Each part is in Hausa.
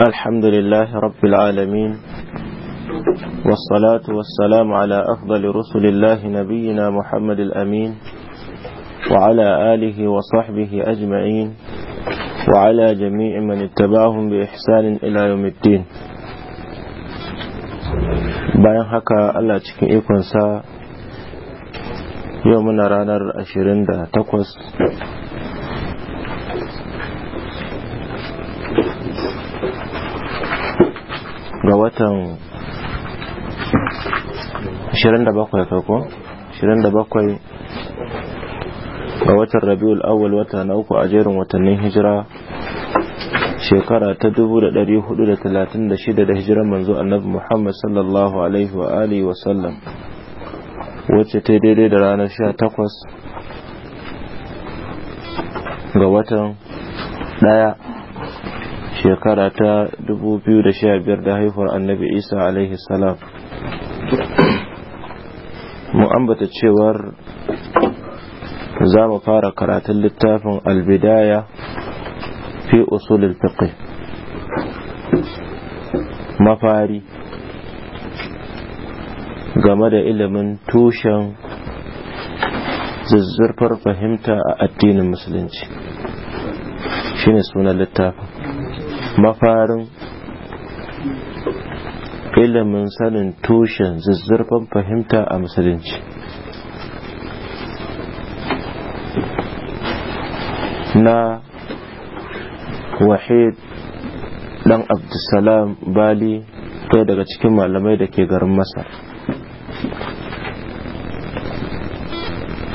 الحمد لله رب العالمين والصلاة والسلام على أفضل رسل الله نبينا محمد الأمين وعلى آله وصحبه أجمعين وعلى جميع من اتبعهم بإحسان إلى يوم الدين حكا الله تكيئكم سا ikonsa yau أشرين ranar 28 ga watan 27 kai ko 27 ga watan rabiul awwal wata na uku a jerin watannin hijira shekara ta 436 da hijira manzo annabi Muhammad sallallahu alaihi wa alihi wa sallam wacce ta daidai da ranar 18 ga watan daya shekara ta 2015 da haihuwar annabi isa alaihi salam mu ambata cewar za mu fara karatun littafin albidaya fi usulul fiqh mafari game da ilimin tushen zuzzurfar fahimta a addinin musulunci shine sunan littafin mafarin ilimin sanin tushen zuzzurfan fahimta a musulunci na wahid dan abdulsalam bali ɗaya daga cikin malamai da ke garin masar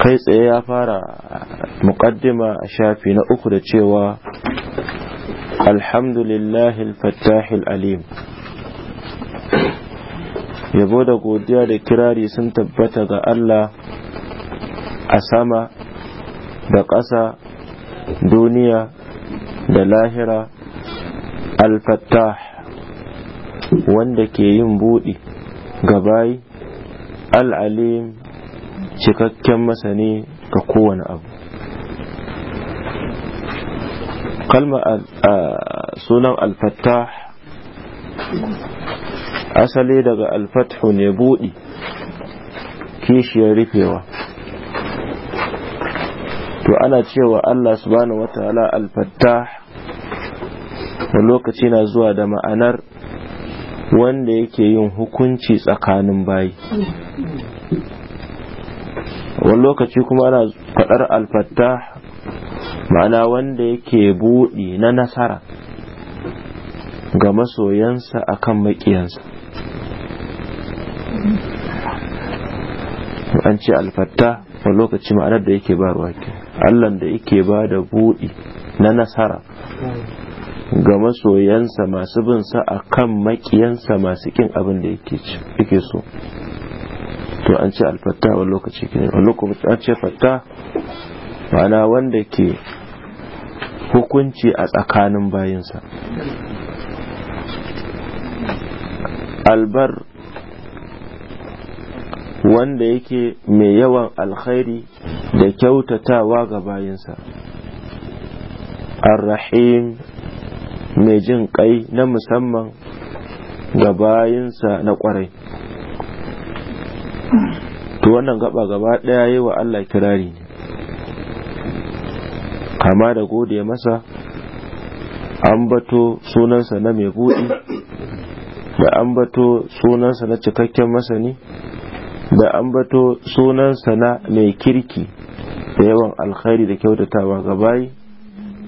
kai tsaye ya fara muƙaddima a shafi na uku da cewa الحمد لله الفتاح الأليم yabo da godiya da kirari sun tabbata ga Allah a sama da ƙasa duniya da lahira al-fattah, wanda ke yin buɗi gabayi al'alim cikakken masani ga kowane abu kalma sunan alfattah asali daga alfathu ne buɗi kishiyar rufewa to ana cewa Allah subhanahu wa ta'ala alfattah da lokaci na zuwa da ma'anar wanda yake yin hukunci tsakanin bayi wani lokaci kuma ana faɗar alfattah ma'ana wanda yake buɗi na nasara ga masoyansa akan maƙiyansa an ce alfatta a lokaci ma'anar da yake ba ruwa ke allan da yake ba da buɗi na nasara ga masoyansa masu sa a kan maƙiyansa masu ƙin abin da yake so to an ce alfatta a lokaci an ce fatta ma'ana wanda ke hukunci a tsakanin bayinsa albar wanda yake mai yawan alkhairi da kyautatawa ga bayinsa arrahim mai jin kai na musamman ga bayinsa na kwarai to wannan gaba gaba daya yi wa Allah kirari ne kama da gode masa an bato sunansa na mai buɗi da an bato sunansa na cikakken masani da an bato sunansa na mai kirki da yawan alkhairi da kyautatawa ga bayi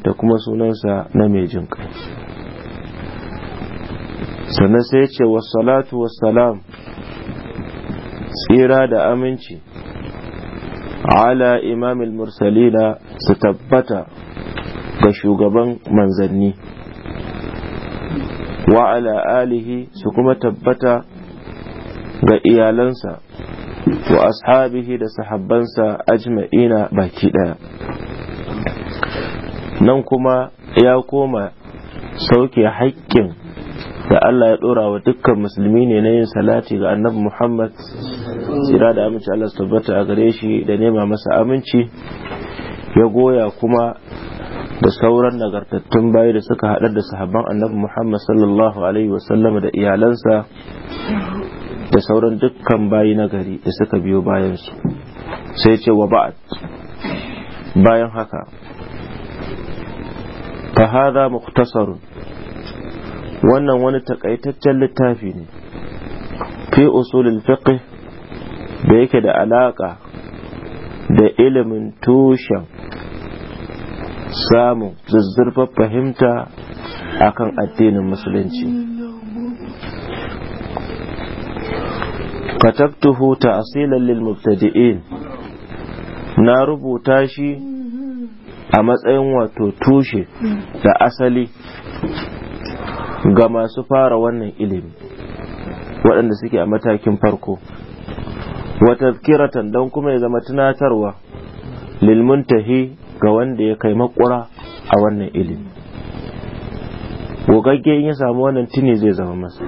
da kuma sunansa na mai jin kai sannan sai ce wasu wasu salam tsira da aminci ala imamil mursalina su tabbata ga shugaban manzanni Wa'ala alihi su kuma tabbata ga iyalansa su ashabihi da sahabbansa ajma'ina baki ɗaya. nan kuma ya koma sauke haƙƙin da Allah ya dora wa dukkan musulmi ne na yin salati ga annabi Muhammad tsira da aminci Allah su tabbata a gare shi da nema masa aminci ya goya kuma da sauran nagartattun bayi da suka haɗar da sahabban annabi Muhammad sallallahu alaihi wasallama da iyalansa da sauran dukkan bayi na gari da suka biyo bayansu sai ce wa ba'ad bayan haka fa hadha mukhtasarun wannan wani takaitaccen littafi ne fi usulin fiqh da yake da alaƙa da ilimin tushen samun zuzzurfar fahimta akan addinin musulunci katabtuhu ta'asilan lil mubtadi'in na rubuta shi a matsayin wato tushe da asali ga masu fara wannan ilimi waɗanda suke a matakin farko wata kiratan don kuma ya zama tunatarwa lilmuntahi, ga wanda ya kai makura a wannan ilimi gogagge in ya samu wannan tuni zai zama masu,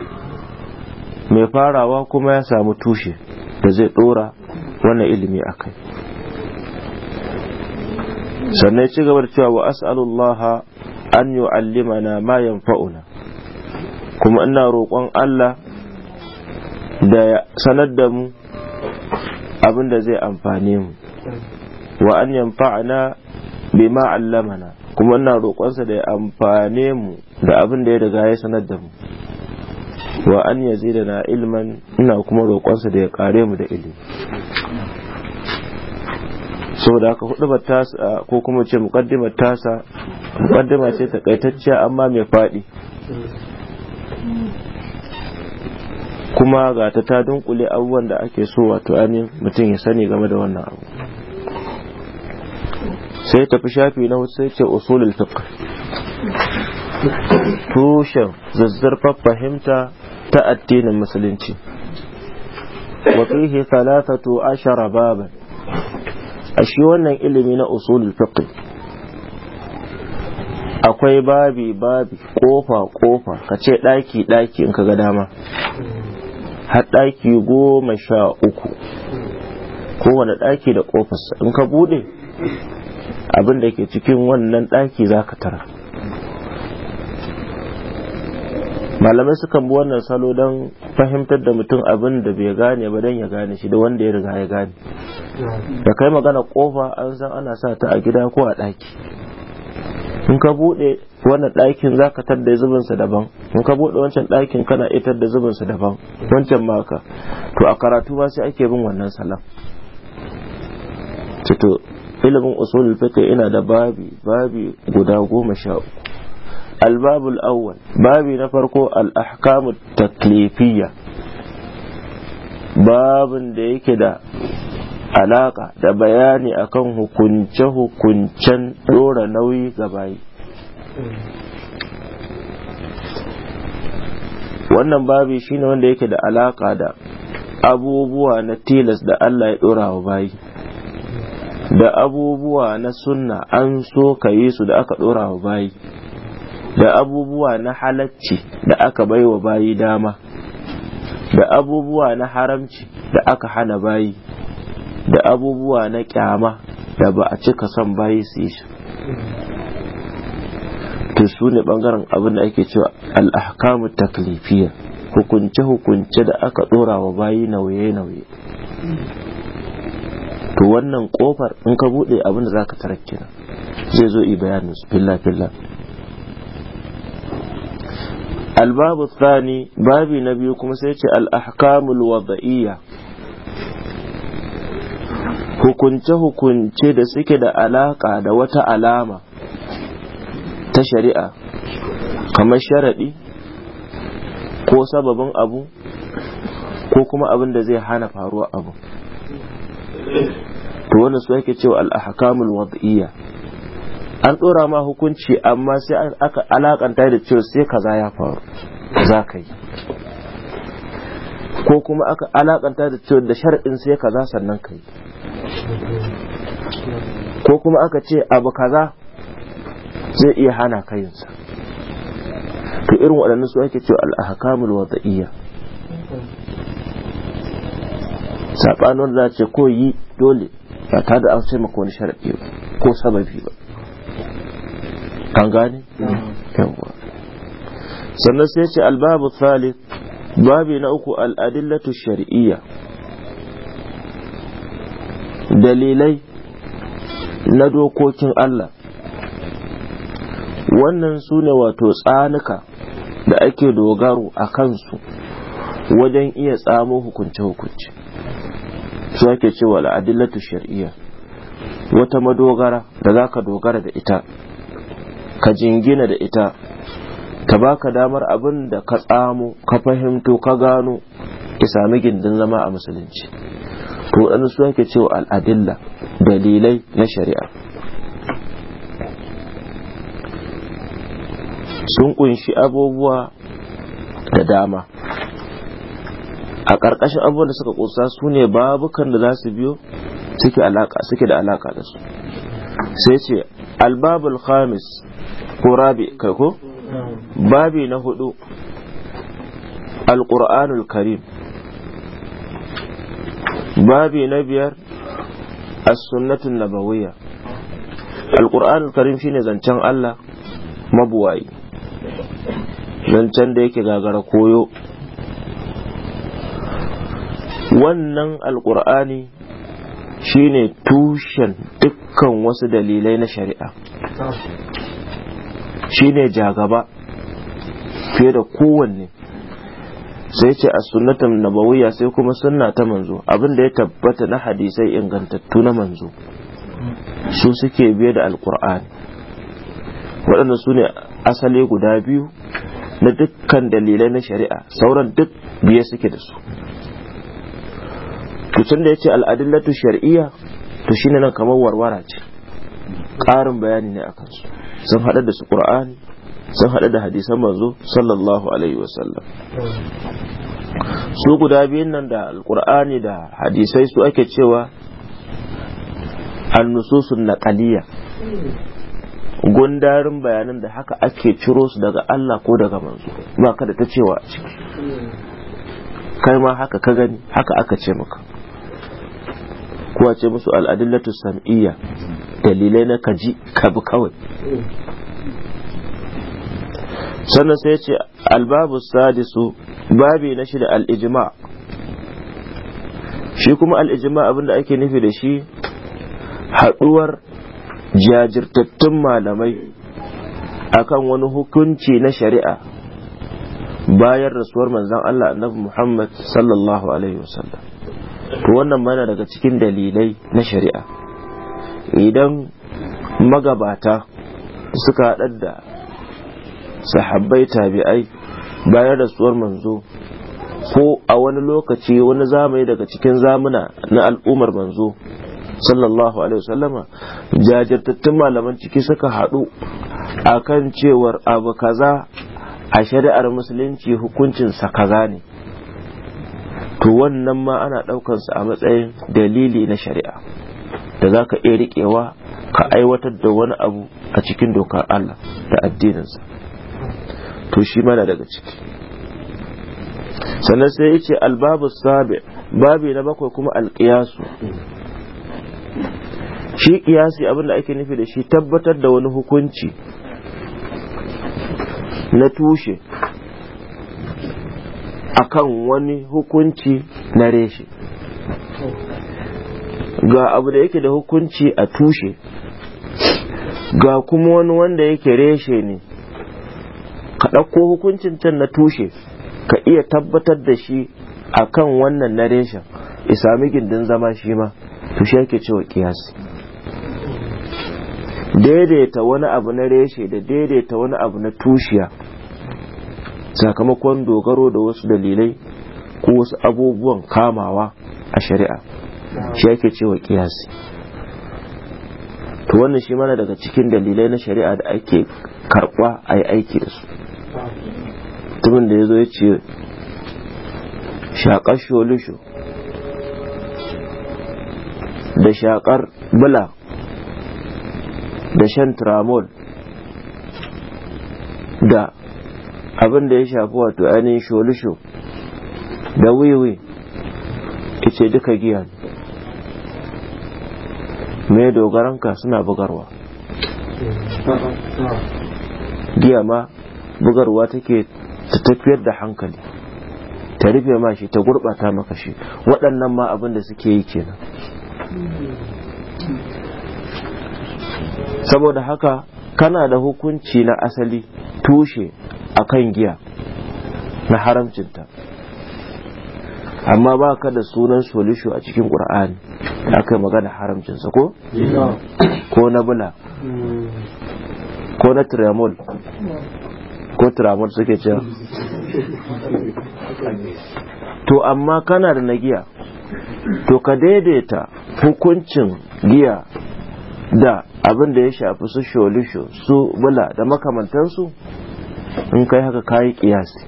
mai farawa kuma ya samu tushe da zai ɗora wannan ilimi a kai sannan ci gaba da cewa wa as'alullaha an yu'allimana ma yanfa'una kuma ina roƙon Allah da sanar da mu abin da zai amfane mu wa an yanfa'ana ma allamana kuma ina roƙonsa da ya amfane mu da abin da ya riga ya sanar da mu wa an na ilman ina kuma roƙonsa da ya kare mu da ilimi saboda haka hudubar tasa ko kuma ce mukaddimar tasa mukaddima ce takaitacciya amma mai faɗi kuma ga ta ta dunkule abubuwan da ake so wato ainihin mutum ya sani game da wannan abu sai tafi shafi na wasu sai ce usulul fiqh tushen zazzarfar fahimta ta addinin musulunci wa fihi thalathatu ashara baban a shi wannan ilimi na usulul fiqh akwai babi babi kofa kofa ka ce daki daki in ka ga dama har ɗaki goma sha uku kowane ɗaki da ƙofarsa in ka buɗe abin da ke cikin wannan ɗaki za ka tara malamai sukan bi wannan salo don fahimtar da mutum abin da bai gane ba don ya gane shi da wanda ya riga ya gane da kai magana ƙofa an san ana sa ta a gida ko a ɗaki in ka buɗe wannan ɗakin za ka tar da zubinsa daban in ka buɗe wancan ɗakin kana itar da zubinsa daban wancan maka to a karatu ba sai ake bin wannan salam to ilimin usulul fiqh ina da babi babi guda goma sha uku albabul awwal babi na farko al ahkamu taklifiyya babin da yake da alaka da bayani akan hukunce hukuncen dora nauyi ga bayi wannan babi shine wanda yake da alaka da abubuwa na tilas da Allah ya dora wa bayi da abubuwa na sunna an so ka yi su da aka dora wa bayi da abubuwa na halacci da aka bai wa bayi dama da abubuwa na haramci da aka hana bayi da abubuwa na kyama da ba a cika son bayi su yi to su ne bangaren abin da ake cewa al'ahkamu taklifiya hukunce-hukunce da aka dora wa bayi nauye-nauye to wannan kofar in ka bude abin da za ka tarar kina zai zo bayanin su filla-filla albabu tsani babi na biyu kuma sai ce al'ahkamul wada'iyya hukunce-hukunce da suke da alaƙa da wata alama ta shari'a kamar sharaɗi ko sababin abu ko kuma abin da zai hana faruwa abu to wannan su yake cewa al'ahakamul ahkamul an tsora ma hukunci amma sai aka alakanta da cewa sai kaza ya faru za ka yi ko kuma aka alakanta da cewa da sharaɗin sai kaza sannan ka yi ko kuma aka ce abu kaza zai iya hana kayansa to irin waɗannan su ake cewa al'ahakamul wata iya. saɓanon za ce ko yi dole ba ta da an sai maka wani sharaɗi ba ko sababi ba an gane yawon sannan sai ce albabu thalith babi na uku al'adillatu shari'iyya dalilai na dokokin Allah wannan su ne wato tsanuka da ake dogaro a kansu wajen iya tsamo hukunce-hukunce su ake cewa la'adillatu shari'a wata madogara da za ka dogara da ita ka jingina da ita ta baka damar abin da ka tsamo ka fahimto ka gano ki sami gindin zama a musulunci to ɗan su ake cewa al'adilla dalilai na shari'a sun kunshi abubuwa da dama a ƙarƙashin abubuwan da suka ƙusa su ne babukan da za su biyo suke da alaƙa da su sai ce albabul khamis ko rabi kai ko babi na hudu alƙur'anul karim babi na biyar as-sunnatun nabawiyya alƙur'anul karim shine zancen Allah mabuwayi can da yake gagara koyo wannan alkur'ani shine tushen dukkan wasu dalilai na shari'a shine jagaba fiye da kowanne sai ce a sunnatan nabawiyya sai kuma sunna ta manzo abinda ya tabbata na hadisai ingantattu na manzo su suke biye da alkur'ani waɗanda su ne asali guda biyu na dukkan dalilai na shari'a sauran duk biye suke da su tutun da ya ce al'adillatu shari'iyya to shine nan kamar warwara ce ƙarin bayani ne a kansu sun haɗa da su ƙura'ani sun haɗa da hadisan manzo sallallahu alaihi wasallam su guda biyun nan da alƙur'ani da hadisai su ake cewa al-nususun naƙaliya gundarin bayanan da haka ake ciro su daga Allah ko daga manzo ba kada ta cewa a ciki kai ma haka ka gani haka aka ce maka a ce musu al'adillatu sam'iyya dalilai na kaji ka bi kawai sannan sai ce albabu sadisu babi na shida al'ijima shi kuma al'ijima abinda ake nufi da shi haɗuwar jajirtattun malamai akan wani hukunci na shari'a bayan rasuwar manzon Allah annabi Muhammad sallallahu alaihi wasallam to wannan mana daga cikin dalilai na shari'a idan magabata suka haɗar da sahabbai tabi'ai bayan rasuwar manzo ko a wani lokaci wani zamani daga cikin zamuna na al'ummar manzo sallallahu alaihi wasallama jajirtattun malaman ciki suka haɗu a kan cewar abu kaza a shari'ar musulunci hukuncinsa kaza ne to wannan ma ana ɗaukansa a matsayin dalili na shari'a da za ka iya riƙewa ka aiwatar da wani abu a cikin dokar Allah da addininsa to shi mana daga ciki sannan sai ya ce albabu sabi babi na bakwai kuma alƙiyasu shi kiyasi abin da ake nufi da shi tabbatar da wani hukunci na tushe akan wani hukunci na reshe ga abu da yake da hukunci a tushe ga kuma wani wanda yake reshe ne ka ɗauko hukuncin can na tushe ka iya tabbatar da shi akan wannan na reshen isa gindin zama shi ma to shi cewa kiyasi daidaita wani abu na reshe da daidaita wani abu na tushiya sakamakon dogaro da wasu dalilai ko wasu abubuwan kamawa a shari'a shi ake cewa kiyasi to wannan shi mana daga cikin dalilai na shari'a da ake karɓa a yi aiki da su mutumin da ya zo ya ce shaƙar sholisho da shaƙar bula da shan tramol da abin da ya shafi wato ainihin sholisho da wiwi ice duka giya ne me dogaranka suna bugarwa giya ma bugarwa take ta tafiyar da hankali ta rufe ma shi ta gurɓata maka shi waɗannan ma abin da suke yi kenan saboda haka kana da hukunci na asali tushe a kan giya na haramcinta amma ba ka da sunan solisho a cikin ƙur'ani da aka yi magana haramcinsa ko? ko na bula ko na tiramol ko tiramol suke ce to amma kana da na giya to ka daidaita hukuncin giya da abin da ya shafi su sholisho su bula da makamantansu in kai haka kayi kiyasi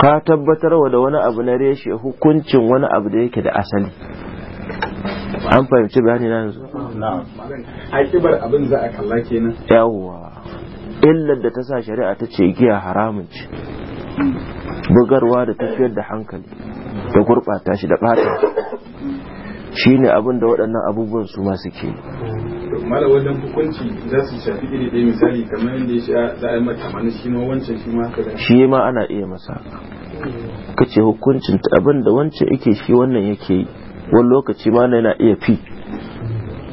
ka tabbatar wa da wani abu na reshe hukuncin wani abu da yake da asali an fahimci bayani na yanzu akibar abin za a kalla kenan yawwa illar da ta sa shari'a ta ce giya haramun ce bugarwa da tafiyar da hankali da gurɓata shi da ɓata shine abin da waɗannan abubuwan su ma suke mala wajen hukunci za su shafi iri ɗaya misali kamar yadda ya za a yi mata mana shi ma wancan shi ma haka shi ma ana iya masa kace hukuncin abin da wancan yake shi wannan yake yi wani lokaci ma yana iya fi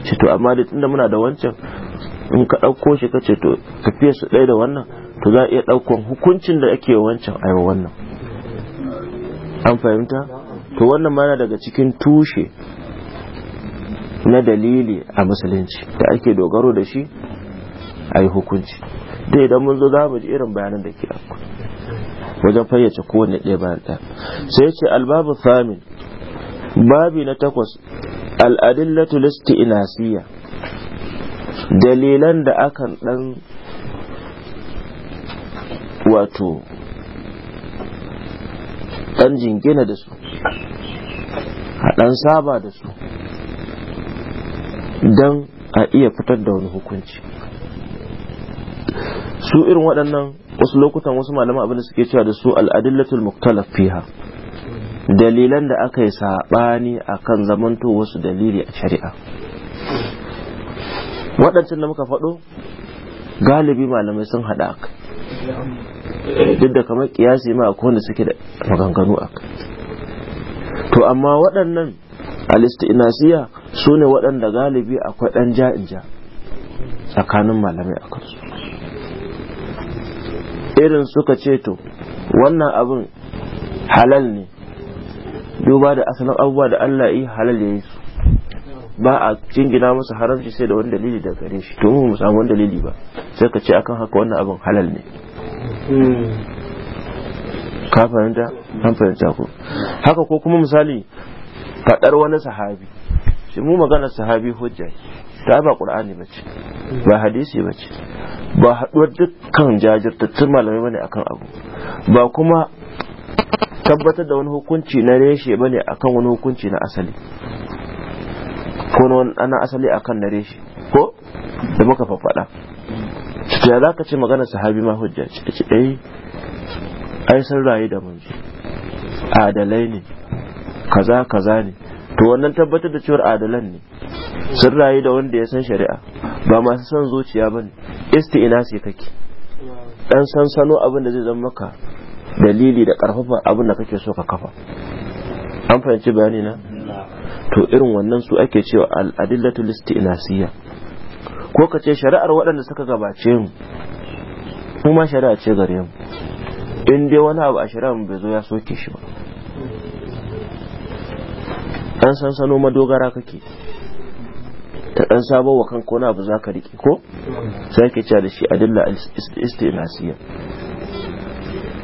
ce to amma da tunda muna da wancan in ka ɗauko shi kace to fiye su ɗaya da wannan to za a iya ɗaukon hukuncin da ake wancan aiwa wannan an fahimta to wannan ma yana daga cikin tushe na dalili a musulunci da ake dogaro da shi a yi hukunci da idan mun zo za mu ji irin bayanan da ke aku wajen fayyace kowane ɗaya bayan ɗaya sai ce albabu famin babi na takwas al'adillatu listi inasiya dalilan da akan ɗan wato ɗan jingina da su a ɗan saba da su don a iya fitar da wani hukunci su irin waɗannan wasu lokutan wasu malaman abinda suke cewa da su al'adillatul muktalaf fiha dalilan da aka yi saɓani a kan zamanto wasu dalili a shari'a waɗancan da muka faɗo galibi malamai sun haɗa a duk da kamar kiyasi ma a wanda suke da maganganu a to amma waɗannan alistinasiya su ne waɗanda galibi akwai ɗan ja tsakanin malamai a kansu irin suka ce to wannan abin halal ne duba da asalin abubuwa da Allah yi halal ya yi su ba a jingina masa haramci sai da wani dalili da gare shi to mu samu wani dalili ba sai ka ce akan haka wannan abin halal ne hmm. ka fahimta an fahimta ko haka ko kuma misali faɗar wani sahabi shi mu magana sahabi hujja ta ba qur'ani ba ce ba hadisi ba ce ba haɗuwar dukkan jajirtattun malamai bane akan abu ba kuma tabbatar da wani hukunci na reshe bane akan wani hukunci na asali ko na asali akan na reshe ko da muka faɗa ya za ka ce magana sahabi ma hujja ce ce ai eh, ai sun rayu da mun adalai ne kaza kaza ne to wannan tabbatar da cewar adalan ne sun rayu da wanda ya san shari'a ba masu son zuciya ba ne isti'ina sai kake dan sansano abin da zai zama maka dalili da karfafa abin da kake so ka kafa an fahimci bayani na to irin wannan su ake cewa al'adillatu siya? ko ka ce shari'ar waɗanda suka gabace mu kuma shari'a ce gare mu in dai wani abu a shari'a mu bai zo ya soke shi ba ɗan sansano madogara kake ta ɗan sabo wa kanka wani abu ka riƙe ko sai ke cewa da shi adilla istilasiya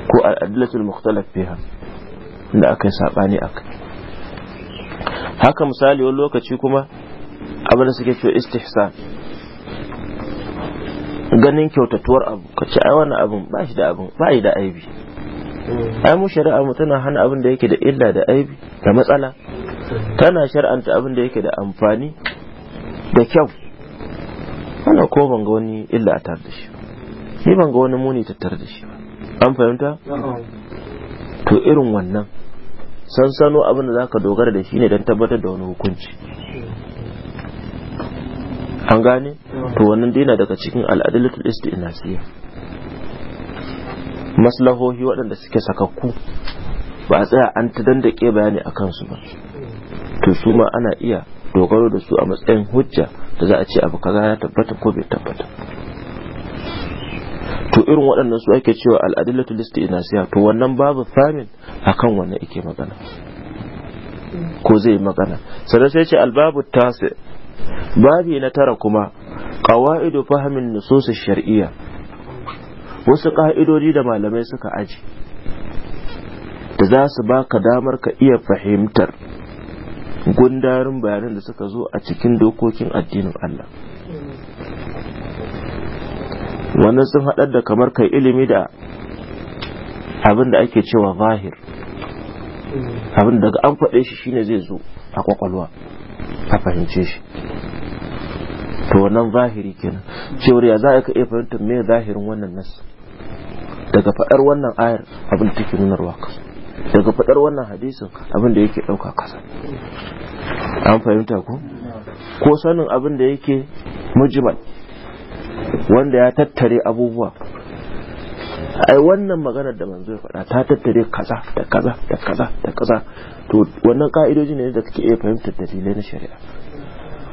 ko al'adillatul mukhtalaf fiha da aka yi saɓani a kai. haka misali wani lokaci kuma abin da suke cewa istihsan ganin kyautatuwar abu ka ce ai wannan abin ba shi da abin ba da aibi ai mu shari'a mu tana hana abin da yake da illa da aibi da matsala tana shar'anta abin da yake da amfani da kyau Ana ko ban ga wani illa a tar da shi ni ban ga wani muni tattar da shi an fahimta to irin wannan sansano abin da ka dogara da shi ne don tabbatar da wani hukunci an gane to wannan dai daga cikin al'adilatul istinasiya maslahohi waɗanda suke sakakku ba a tsaya an ta dandake bayani a kansu ba to su ma ana iya dogaro da su a matsayin hujja da za a ce abu kaza ya tabbata ko bai tabbata to irin waɗannan su ake cewa al'adillatu listi siya to wannan babu famin akan wannan ike magana ko zai magana sannan sai ce albabu tasi babi na tara kuma qawaidu fahmin nusus shar'iyya wasu ka'idodi da malamai suka aji da za su baka damar ka iya fahimtar gundarin bayanan da suka zo a cikin dokokin addinin Allah wannan sun haɗar da kamar kai ilimi da abin da ake cewa zahir abin daga an faɗe shi shine zai zo a kwakwalwa a fahimce shi to wannan zahiri kenan cewar ya za ka iya fahimtar me zahirin wannan nas daga faɗar wannan ayar abin da take nunarwa kasu daga fadar wannan hadisin abin da yake dauka kasa an fahimta ko ko sanin abin da yake mujmal wanda ya tattare abubuwa ai wannan maganar da manzo ya faɗa ta tattare kaza da kaza da kaza da kaza to wannan ka'idoji ne da kake iya fahimtar dalilai na shari'a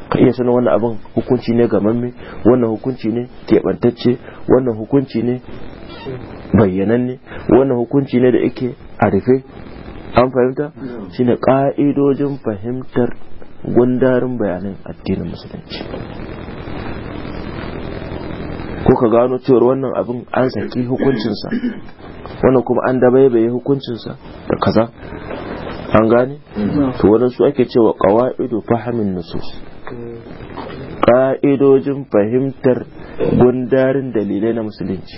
ka iya sanin wannan abin hukunci ne ga mamme wannan hukunci ne keɓantacce wannan hukunci ne bayyananne wannan hukunci ne da yake a rufe an fahimta shi ne ka'idojin fahimtar gundarin bayanan addinin musulunci ko ka gano cewar wannan abin an saki hukuncinsa wannan kuma an dabaibaye hukuncinsa da kaza an gane to waɗansu ake cewa ƙawa'idu fahimin nusus ƙa'idojin fahimtar gundarin dalilai na musulunci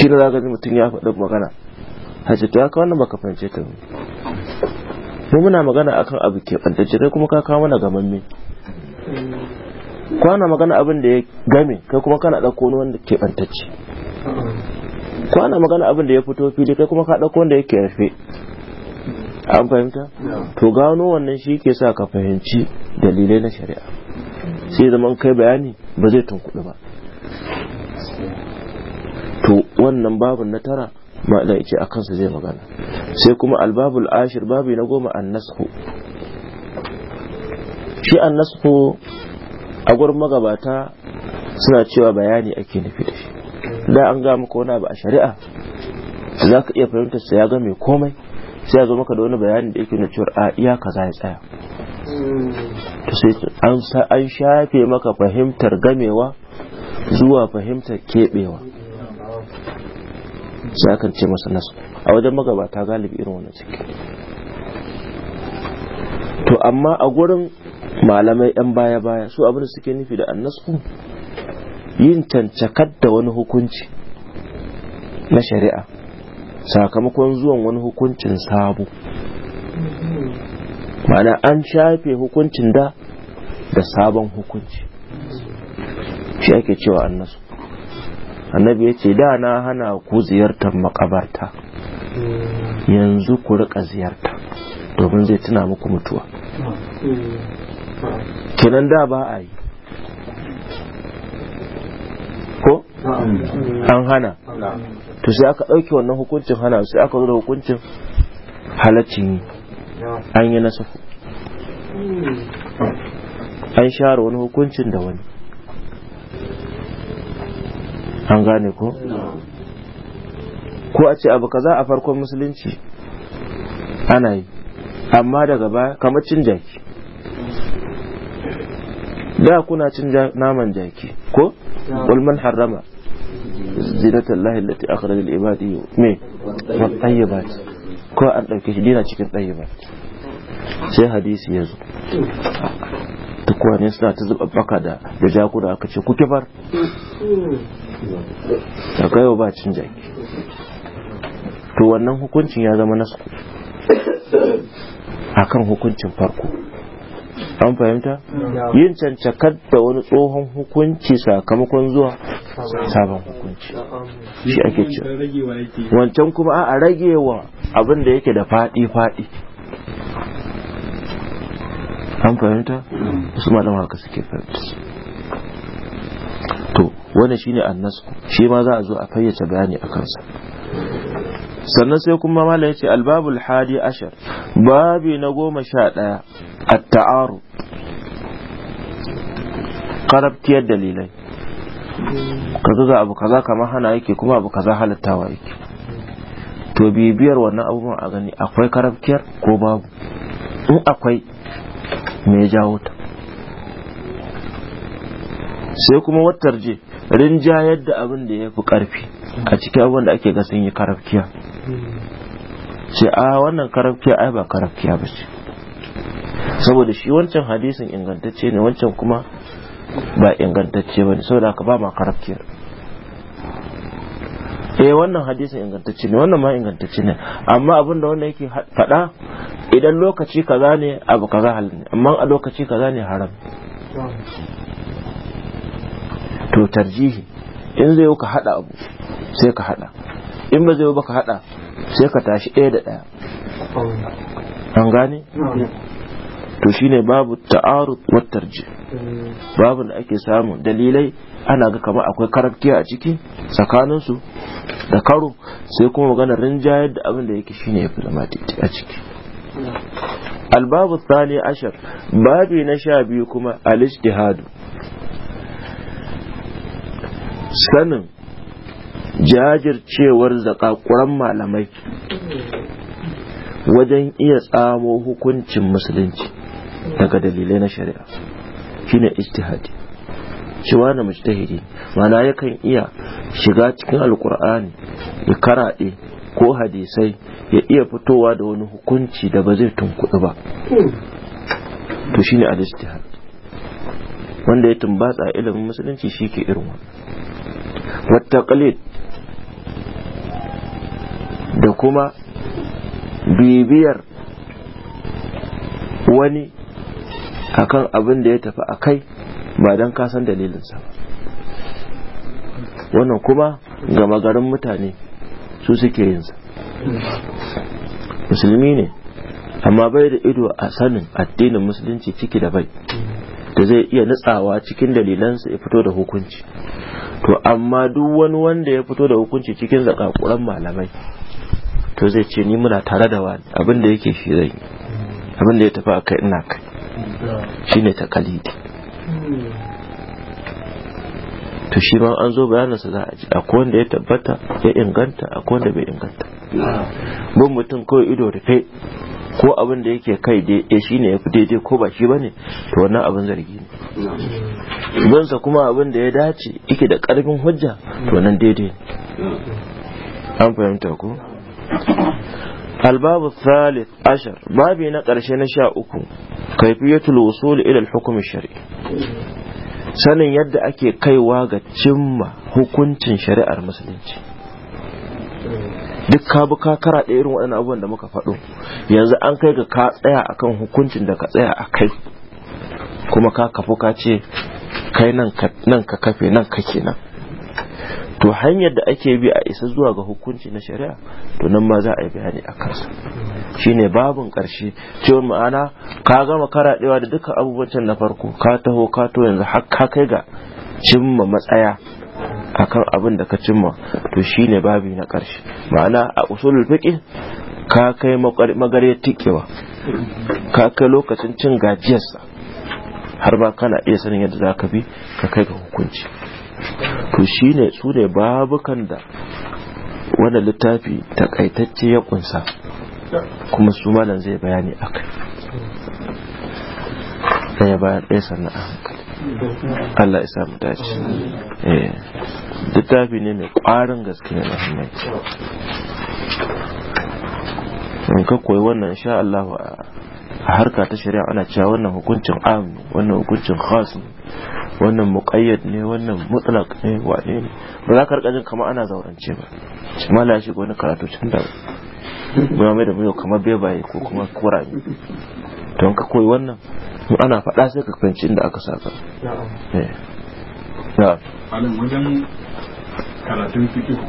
shi ne za ka ji mutum ya faɗi magana hajji to haka wannan baka fahimce ta ne mu muna magana akan abu ke ɓantacce kai kuma ka kawo mana me kwana magana abin da ya game kai kuma kana ɗauko wani wanda ke ɓantacce kwana magana abin da ya fito fili kai kuma ka ɗauko wanda yake rufe an fahimta to gano wannan shi ke sa ka fahimci dalilai na shari'a sai zaman kai bayani ba zai tunkuɗu ba to wannan babun na tara da yake a kansa zai magana sai kuma albabul ashir babu na goma nasu shi annasku a gurin magabata suna cewa bayani ake nufi da shi da an ga maka wani abu a shari'a za ka iya fahimtar sa ya game komai sai ya zo maka da wani bayani da yake na cewa a iya kaza ya tsaya an shafe maka fahimtar gamewa zuwa fahimtar keɓewa sai aka ce masa nasu a wajen magabata galibi irin wani ciki to amma a gurin malamai yan baya baya su abin da suke nufi da annasku, yin cancakar da wani hukunci na shari'a sakamakon zuwan wani hukuncin sabo ma'ana an shafe hukuncin da da sabon hukunci shi ake cewa annasu annabi ya ce da na hana ku ziyartar makabarta yanzu ku rika ziyarta domin zai tuna muku mutuwa kenan da ba a yi ko an hana to sai aka ɗauki wannan hukuncin hana sai aka zo da hukuncin halaccin an yi nasafu an share wani hukuncin da wani an gane ko ko a ce abu kaza a farkon musulunci ana yi amma daga baya kamar cin jaki da kuna cin naman jaki ko ulman harrama zinatan lahi lati akhrajal ibadi me wa tayyibat ko an dauke shi dina cikin tayyibat sai hadisi yazo tukuwa ne suna ta zuba baka da jakura jakuna aka ce ku akwai kai ba cin jaki to wannan hukuncin ya zama nasu akan hukuncin farko an fahimta yin cancakar da wani tsohon hukunci sakamakon zuwa sabon hukunci shi ake ce wancan kuma a ragewa abin da yake da fadi fadi. an fahimta su malama ka suke fahimta shi shine annasku shi ma za a zo a fayyace bayani a kansa sannan sai kuma mala ya ce albabul hadi ashar babi na goma sha ɗaya a ta'aru karabtiyar dalilai ka ga abu kaza kamar hana yake kuma abu kaza halittawa yake to bibiyar wannan abubuwan a gani akwai karabtiyar ko babu in akwai me ya jawo ta sai kuma watar je rinjayar da abin da ya fi ƙarfi a cikin abin da ake gasin yi karafkiya ce a wannan karafkiya ai ba karafkiya ba ce saboda shi wancan hadisin ingantacce ne wancan kuma ba ingantacce ba ne saboda haka ba ma karafkiya eh wannan hadisin ingantacce ne wannan ma ingantacce ne amma abin da wannan yake faɗa idan lokaci kaza ne abu kaza halin amma a lokaci kaza ne haram to tarjihi in zai ka hada abu sai ka hada in ba zai yi ka hada sai ka tashi ɗaya da ɗaya an gane to shine babu ta'aru wa tarji babu da ake samun dalilai ana ga kama akwai karaktiya a ciki tsakaninsu da karo sai kuma magana rinjayar da abin da yake shine fi zama a ciki albabu Sani ashar babi na sha biyu kuma alish sanin jajircewar zakakuran malamai wajen iya tsamo hukuncin musulunci daga dalilai na shari'a shine ijtihadi cewa na mujtahidi mana yakan iya shiga cikin alkur'ani ya karaɗe ko hadisai ya iya fitowa da wani hukunci da ba zai tunkuɗu ba to shine al wanda ya tumbatsa ilimin musulunci shi ke irin wannan والتقليد da kuma bibiyar wani akan abin da ya tafi a kai ba don kasan dalilinsa wannan kuma ga magarin mutane su suke yinsa musulmi ne amma bai da ido a sanin addinin musulunci ciki da bai da zai iya nutsawa cikin dalilansa ya fito da hukunci to amma duk wani wanda ya fito da hukunci cikin zakakuran malamai to zai ce ni muna tare da wani abin da yake shi zai abin da ya tafi a kai ina kai ta kalidi to shi ma an zo bayanansa za a ji akwai wanda ya tabbata ya inganta akwai wanda bai inganta bin mutum kawai ido rufe ko abin da yake kai daidai eh, shi ne ya daidai ko ba shi ba ne to wannan abin zargi ne binsa kuma abin da ya dace yake da ƙarfin hujja to nan daidai ne an fahimta ko Albabu الباب الثالث عشر na نقرش نشاء أكو كيفية الوصول إلى الحكم الشرعي sanin yadda ake kaiwa ga cimma hukuncin shari'ar musulunci duk ka bi ka kara da irin waɗannan abubuwan da muka faɗo yanzu an kai ga ka tsaya akan hukuncin da ka tsaya a kai kuma ka kafu ka ce kai nan ka kafe nan ka kenan to hanyar da ake bi a isa zuwa ga hukunci na shari'a to nan ma za a yi bayani a kansa shine babin karshe cewa ma'ana ka gama karaɗewa da dukkan abubuwan can na farko ka taho ka to yanzu har ka kai ga cimma matsaya akan abin da ka cimma to shine babi na ƙarshe ma'ana a usulul fiqh ka kai magariyar tikewa ka kai lokacin cin gajiyarsa har ba kana iya sanin yadda za ka bi ka kai ga hukunci to shine su ne babukan da wanda littafi takaitacce ya kunsa kuma su malam zai bayani akai ɗaya bayan ɗaya sannan a hankali Allah ya samu dace eh littafi ne mai ƙwarin gaske mai muhimmanci in ka koyi wannan insha Allah a harka ta shari'a ana cewa wannan hukuncin am wannan hukuncin khas wannan muqayyad ne wannan mutlaq ne wane ne ba za ka rika jin kamar ana zaurance ba amma la shiga wani karatu cikin da muna mai da mu kamar bebaye ko kuma kurami don ka koyi wannan mu ana faɗa sai ka fahimci inda aka saka eh. alin wajen karatun fikihu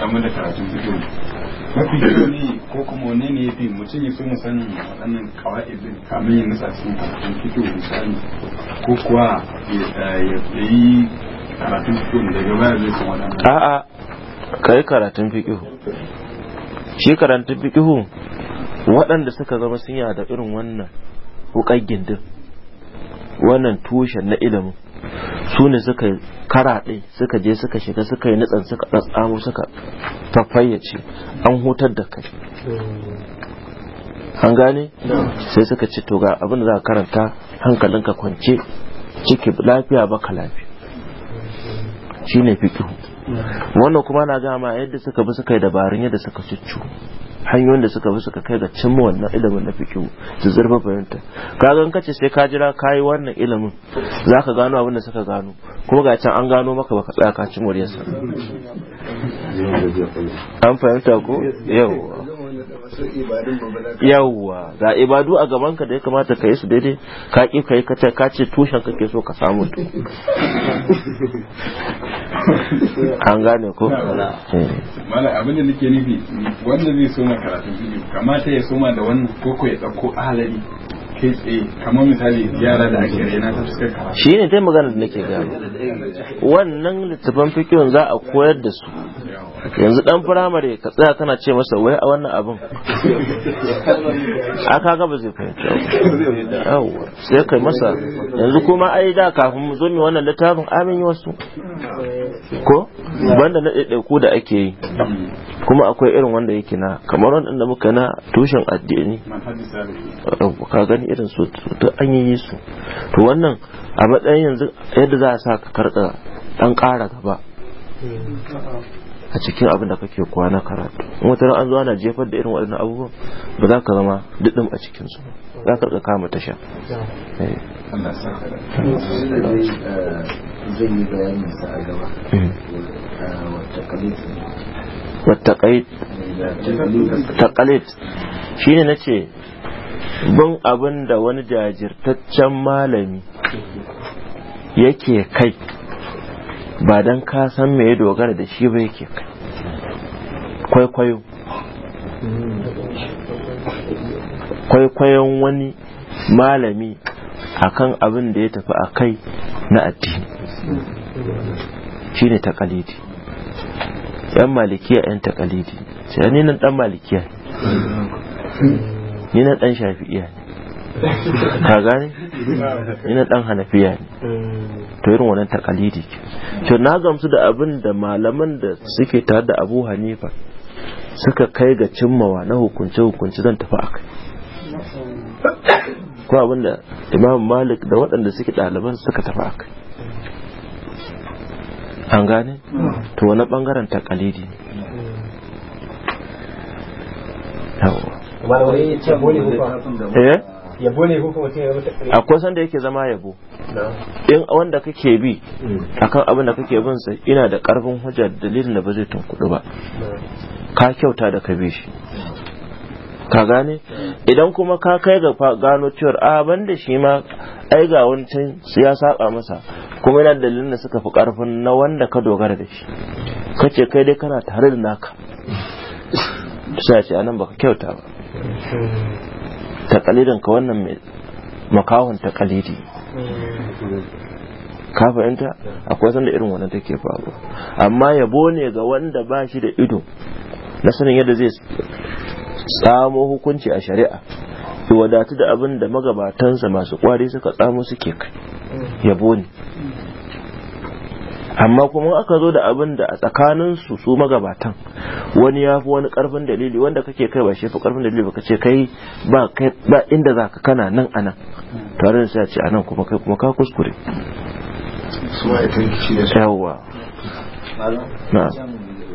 game da karatun fikihu mafi ne ko kuma wani ne ya fi mutum ya fi mu sanin waɗannan kawa'idin kamar yin nasa cikin karatun fikihu misali ko kuwa ya yi karatun fikihu daga baya zai san waɗannan. A'a ka yi karatun fikihu. Shi karatun fikihu waɗanda suka zama sun yada irin wannan wukar gindin wannan tushen na ilimin su ne suka karaɗe suka je suka shiga suka yi nutsan suka ɗatsamo suka tafayyace an hutar da kai an gane sai suka ce to ga abin za ka karanta hankalinka kwance ciki lafiya baka lafiya fi fiqhu wannan kuma na gama yadda suka bi suka yi dabarun yadda suka cuccu hanyoyin da suka fi suka kai ga cimma wannan ilimin na fikihu su zurfa fahimta kaga in kace sai ka jira kayi wannan ilimin za ka gano abin da suka gano kuma ga can an gano maka baka tsaya ka cimma sa an fahimta ko yau yawwa ga ibadu a gaban ka da ya kamata ka yi su daidai ka ki kai ka ka ce tushen kake so ka samu to an gane ko mala eh. abin da nake nufi wanda zai suna karatun bidiyo kamata ya soma da wannan koko ya dauko alali kai tsaye kamar misali yara da ake rena ta karatu shi ne dai magana da nake gani wannan littafan fikihun za a koyar da su yanzu dan firamare ka tsaya kana ce masa wai a wannan abin a kaga ba zai fahimci yawa sai kai masa yanzu kuma ai da kafin mu zo mu wannan littafin amin yi wasu ko banda na ɗaiɗaiku da ake yi kuma akwai irin wanda yake na kamar wanda muka na tushen addini ka gani irin su ta an yi su to wannan a matsayin yanzu yadda za a sa ka karɗa ɗan ƙara gaba a cikin abin da kake kuwa na karatu wata ran an zo ana jefar da irin waɗannan abubuwan ba za ka zama duɗin a cikin su za ka rika kama tasha eh. eh, zan yi bayanin shi ne na ce bin abin da wani jajirtaccen malami yake kai ba don ka san me ya dogara da shi ba yake kwaikwayo kwaikwayon wani malami akan abin da ya tafi a kai na addini shine takalidi yan malikiya yan takalidi sai ni nan dan malikiya ni nan dan shafi'iya ne ka gane ina dan hanafiya ne to irin wannan takalidi to na gamsu da abin da malaman da suke tare da Abu Hanifa suka kai ga cimmawa na hukunce hukunce zan tafi akai ko abinda Imam Malik da waɗanda suke ɗaliban suka tafi akai an gane to wani bangaren takalidi ne yawa Eh? yabo ne ko mutum ya mutu takari akwai sanda yake zama yabo in wanda kake bi hmm. akan abin da kake bin sa ina da karfin hujja dalilin da ba zai tunkudu ba ka kyauta da ka bi shi ka gane idan kuma ka kai ga gano cewar a ban da shi ma ai ga wani can ya saba masa kuma yana dalilin da suka fi karfin na wanda ka dogara da shi kace kai dai kana tare da naka hmm. sai ce anan baka kyauta ba hmm. takalidin ka wannan mai makahon takalidi ka fahimta akwai sanda irin wannan take faruwa amma yabo ne ga wanda ba shi da ido na sanin yadda zai tsamo hukunci a shari'a wadatu da abin da magabatansa masu kwari suka tsamo suke kai yabo ne amma kuma aka zo da abin da a tsakanin su su magabatan wani ya fi wani karfin dalili wanda kake kai ba shi fi karfin dalili ba kace kai ba kai ba inda zaka kana nan anan tare da sai a ce anan kuma kai kuma ka kuskure yawwa na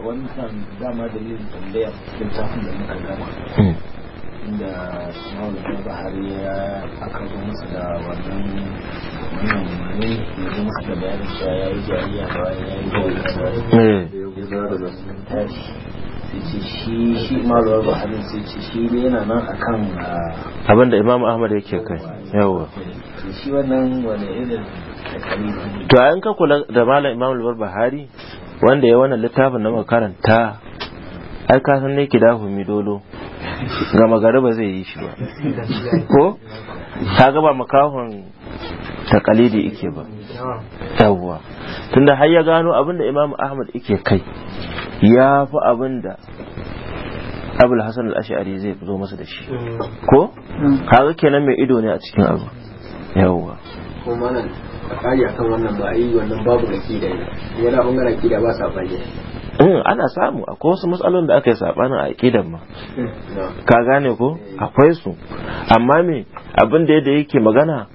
wannan dama dalilin tambaya tafi da muka inda bahari ya aka zo musu da wannan wannan ya da cewa ya yi jariya da ya yi jariya da hmm. ya zo da tashi imam ahmad yake kai yawa to an ka kula da malam imam al bahari wanda ya wannan littafin na makaranta ai ka san ne ki dahu dolo gama gari ba zai yi shi ba ko ta gaba makahon takalidi ike ba yawwa tunda har ya gano abinda imam ahmad ike kai ya fi abinda abul hasan al-ash'ari zai zo masa da shi ko kaga kenan mai ido ne a cikin abu yawwa ko malam a kan wannan ba a yi wannan babu da kida wani abun gana akida ba sa bayyana Eh, ana samu akwai wasu matsalolin da aka yi sabanin a aqidan ma ka gane ko akwai su amma me abin da yadda yake magana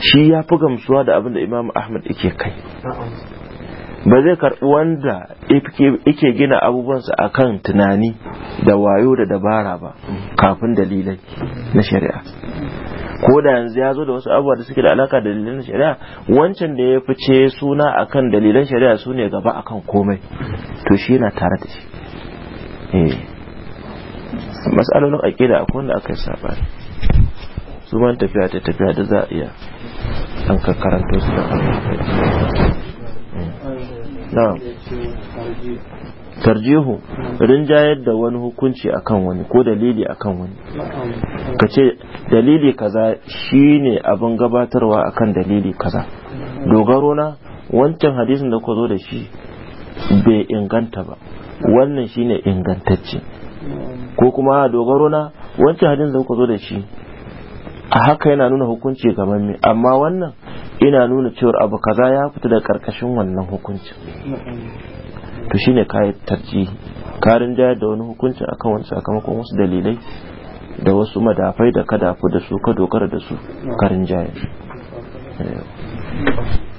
shi ya fi gamsuwa da abin da Imam Ahmad yake kai ba zai karɓi wanda yake gina abubuwansa a kan tunani da wayo da dabara ba kafin dalilai na shari'a ko da yanzu ya zo da wasu abubuwa da suke da alaka da dalilan shari'a wancan da ya fice suna akan dalilan shari'a su ne gaba akan komai to shi yana tare da shi eh masalolin aqida akwai wanda aka yi sabani su ban tafiya ta tafiya da za a iya an ka karanto su da eh. na'am tarjihu rinjayar da wani hukunci akan wani ko dalili akan wani ka ce dalili kaza shine abin gabatarwa akan dalili kaza dogaro na wancan hadisin da ku zo da shi bai inganta ba wannan shine ingantacce ko kuma dogaro na wancan hadisin da ku zo da shi a haka yana nuna hukunci gaban me amma wannan ina nuna cewar abu kaza ya fita da karkashin wannan hukuncin to shine ka tarji karin jayar da wani hukunci akan wani sakamakon wasu dalilai da wasu madafai da ka dafu da su ka dogara da su karin jayar eh.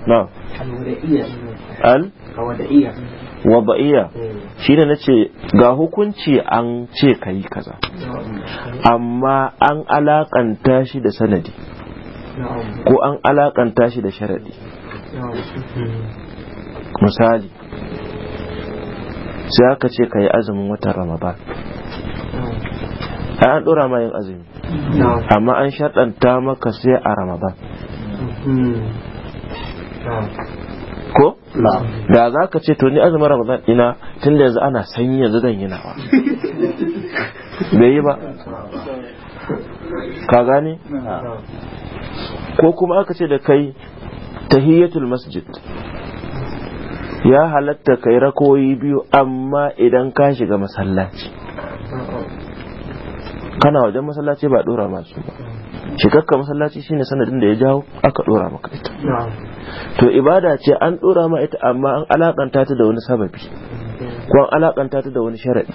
na al shi ne na ga hukunci an ce ka yi kaza amma an alakanta shi da sanadi ko an alakanta shi da sharadi misali sai aka ce ka yi azumin watan ramadan an ɗora ma yin azumi amma an shaɗanta maka sai a ramadan ko da za ka ce to azumin ramadan ina tun da yanzu ana sanyi yanzu zan yi nawa bai yi ba ka gane ko kuma aka ce da kai tahiyyatul masjid ya halatta kai rakoyi biyu amma idan ka shiga masallaci kana wajen masallaci ba dora masu ba shigarka masallaci shine sanadin da ya jawo aka dora maka ita to ibada ce an dora ma ita amma an alakanta ta da wani sababi ko an alakanta ta da wani sharadi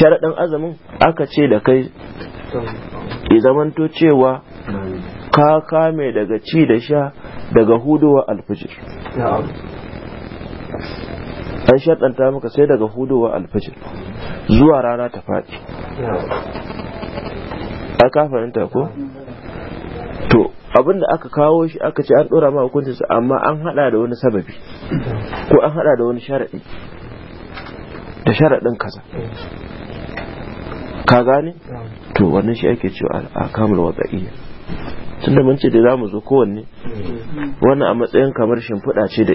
sharadin azumin aka ce da kai ya zamanto cewa ka kame daga ci da sha daga hudowa alfijir an shaɗanta maka sai daga hudowa alfajir zuwa rana ta faɗi a kafarinta ko to abinda aka kawo shi aka ce an ɗora ma hukuncinsa amma an haɗa da wani sababi ko an haɗa da wani sharaɗi da sharaɗin kaza ka gane to wannan shi ake cewa a kamar iya. tun da ce da za mu zo kowanne wannan a matsayin kamar shimfiɗa ce da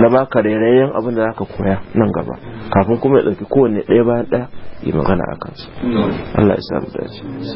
na ba ka rairayen abin da zaka koya nan gaba kafin kuma ya ɗauki kowanne ɗaya bayan ɗaya yi magana a kansu Allah ya samu dace